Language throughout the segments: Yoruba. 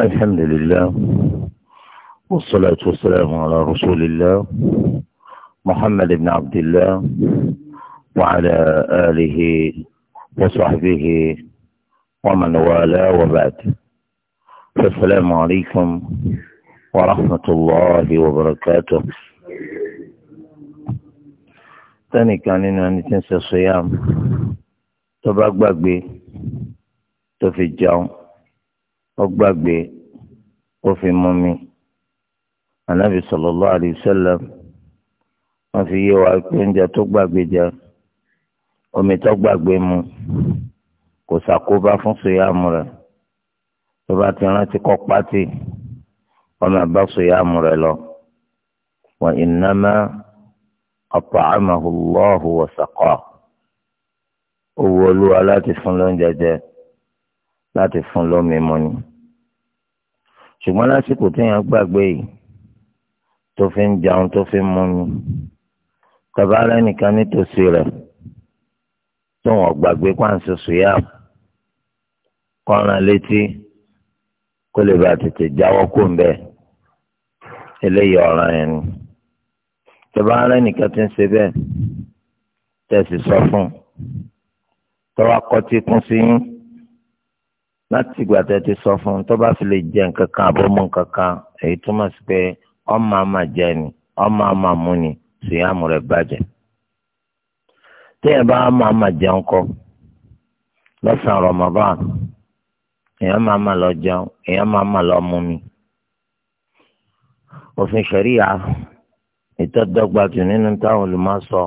الحمد لله والصلاة والسلام على رسول الله محمد بن عبد الله وعلى آله وصحبه ومن والاه وبعد فالسلام عليكم ورحمة الله وبركاته تاني كان أن تنسى الصيام تبقى بقى تو تفجع ó gbàgbé ó fi mú mi anabi sallallahu alayhi wa sallam wọ́n fi yé wa pé oúnjẹ tó gbàgbé jẹ omi tó gbàgbé mu kò ṣàkóbá fún sòyàmù rẹ̀ tó bá ti rántí kọ pátì ọmọ àbá sòyàmù rẹ̀ lọ wa innama at'amahu Allahu wa saqahu owó olúwa láti fún lóúnjẹ jẹ láti fún lómi mu ni ṣùgbọ́n lásìkò téèyàn gbàgbé yìí tó fi ń jẹun tó fi ń mu ni tàbárẹ́ nìkan nítòsí rẹ̀ tó wọ́n gbàgbé pàǹsí sùúyà kọ́ran létí kó lè bá tètè jáwọ́ kó ń bẹ́ẹ̀ eléyìí ọ̀ràn yẹn ni tàbárẹ́ nìkan ti ń ṣe bẹ́ẹ̀ tẹ̀sí sọ fún tọ́wọ́ kọtí kún sí yín láti ìgbà tẹ́ ti sọ fún un tó bá fi lè jẹ nǹkan kan àbọ̀mú nǹkan kan èyí túmọ̀ sí pé ọmọ àmà jẹ ni ọmọ àmà mú ni síyàmù rẹ̀ bàjẹ́. téèyàn bá ọmọ àmà jẹun kọ lọ́sàn-án Ramadan èèyàn máa ma lọ jẹun èèyàn máa ma lọ mú mi. òfin ṣẹ̀ríya ìtọ́dọ́gba nínú táwọn olùmọ̀ sọ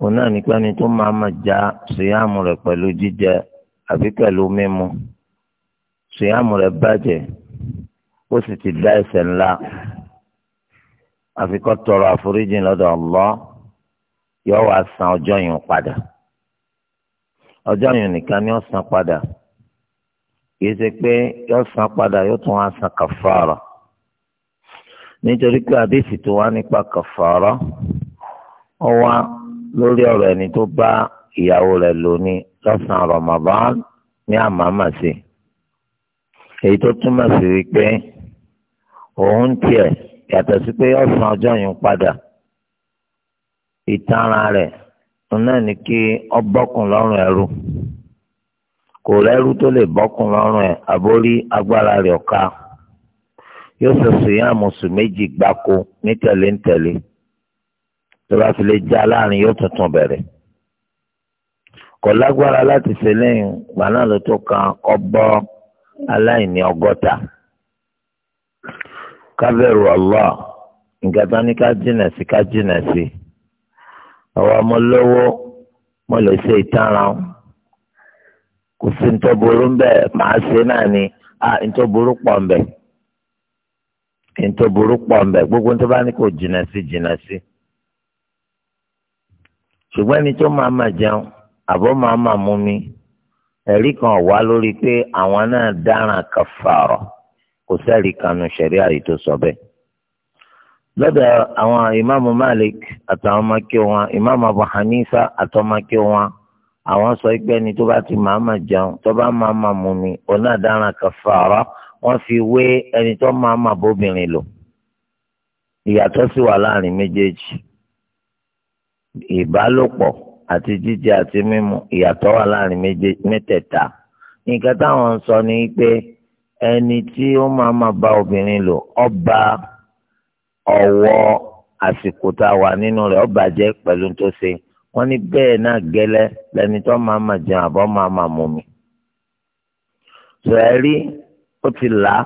òun náà nípa ẹni tó máa ma já síyàmù rẹ̀ pẹ̀lú jíjẹ àbí pẹ̀lú mímu ṣìyàmù rẹ̀ bàjẹ́ ó sì ti dá ẹ̀ṣẹ̀ ńlá àfi kó tọrọ àforíjì lọ́dọ̀ Allah yóò wá san ọjọ́ yìí padà ọjọ́ yìí nìkan ni ó san padà kì í ṣe pé yóò san padà yóò tún wá san kàfàrà nítorí pé àdéhìí tó wá nípa kàfàrà ó wá lórí ọ̀rọ̀ ẹni tó bá ìyàwó rẹ̀ lò lọ́sàn-án Ramadan ní àmàmàṣe èyí tó túmọ̀ sí wípé òun tiẹ̀ yàtọ̀ sí pé ọ̀sán ọjọ́ yìí ń padà ìtara rẹ̀ òun náà ní kí ọ bọ́kùn lọ́rùn ẹrú kò rẹ́rú tó lè bọ́kùn lọ́rùn ẹ̀ àbórí agbára rẹ̀ ọ̀ka yóò sọ̀sọ̀ yá àmùsùn méjì gbáko ní tẹ̀léńtẹ̀lé tó bá fi lè já láàrin yóò tuntun bẹ̀rẹ̀. kò láti ṣe lẹ́yìn ka ló tó kan ọgọta. aláìní ọgọ́ta kábẹ̀rù Allah nǹkan tó ní ká jìnà sí ká jìnà sí ọwọ́ mo lówó mo lè ṣe ìtaràn kò sí ní tó burú bẹ́ẹ̀ màá ni à ní tó burú pọ̀ ní tó burú pọ̀ gbogbo tó bá ní kò jìnà sí jìnà sí jẹun àbọ̀ máa máa mú mi ẹ̀rí kan wá lórí pé àwọn náà dáràn kàfàrà kò sẹ́ẹ̀rí kanu ṣẹ̀rí àyè tó sọ bẹ́ẹ̀. lọ́dọ̀ àwọn ìmáàmù Malik àtàwọn ọmọkẹ́ wọn ìmáàmù Abu Hanifa àtàwọn ọmọkẹ́ wọn àwọn sọ pé ẹni tó bá ti máa máa jẹun tó bá máa máa mú mi òun náà dáràn kàfàrà wọ́n fi wé ẹni tó máa máa bóbìnrin lò ìyàtọ̀ sì wà láàrin méjèèjì ìbálòpọ̀ àti jíjẹ àti mímu ìyàtọ̀ wà láàrin mẹ́tẹ̀ẹ̀ta nǹkan táwọn ń sọ ni pé ẹni tí ó máa ma bá obìnrin lò ọba àsìkò tá a wà nínú rẹ̀ ọba jẹ́ pẹ̀lú tó ṣe wọ́n ní bẹ́ẹ̀ náà gẹ́lẹ́ lẹni ma jẹun àbọ̀ máa ma mú mi. sọ ó ti là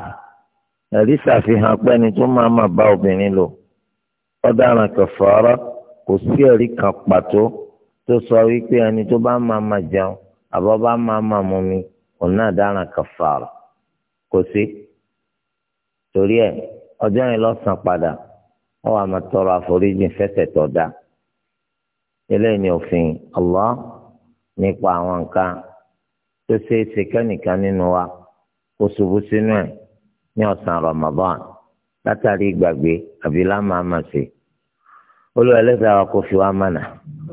á ṣàfihàn pé ẹni tó máa ma bá obìnrin lò ọ̀daràn kò sí tó sọ wípé ẹni tó bá máa ma jẹun àbọ̀ bá máa ma mú mi òun náà dáràn kàfàrà kò sí torí ẹ ọjọ́ yẹn lọ́sàn padà wọ́n wà máa tọrọ àforíjì fẹsẹ̀ tó dá eléyìí ni òfin Allah nípa àwọn nǹkan tó ṣeé ṣe kẹ́nìkan nínú wa kó ṣubú sínú ẹ̀ ní ọ̀sán Ramadan látàrí ìgbàgbé àbí lámàá màsí olú ẹlẹ́dàá wa kò fi wá mọ̀nà.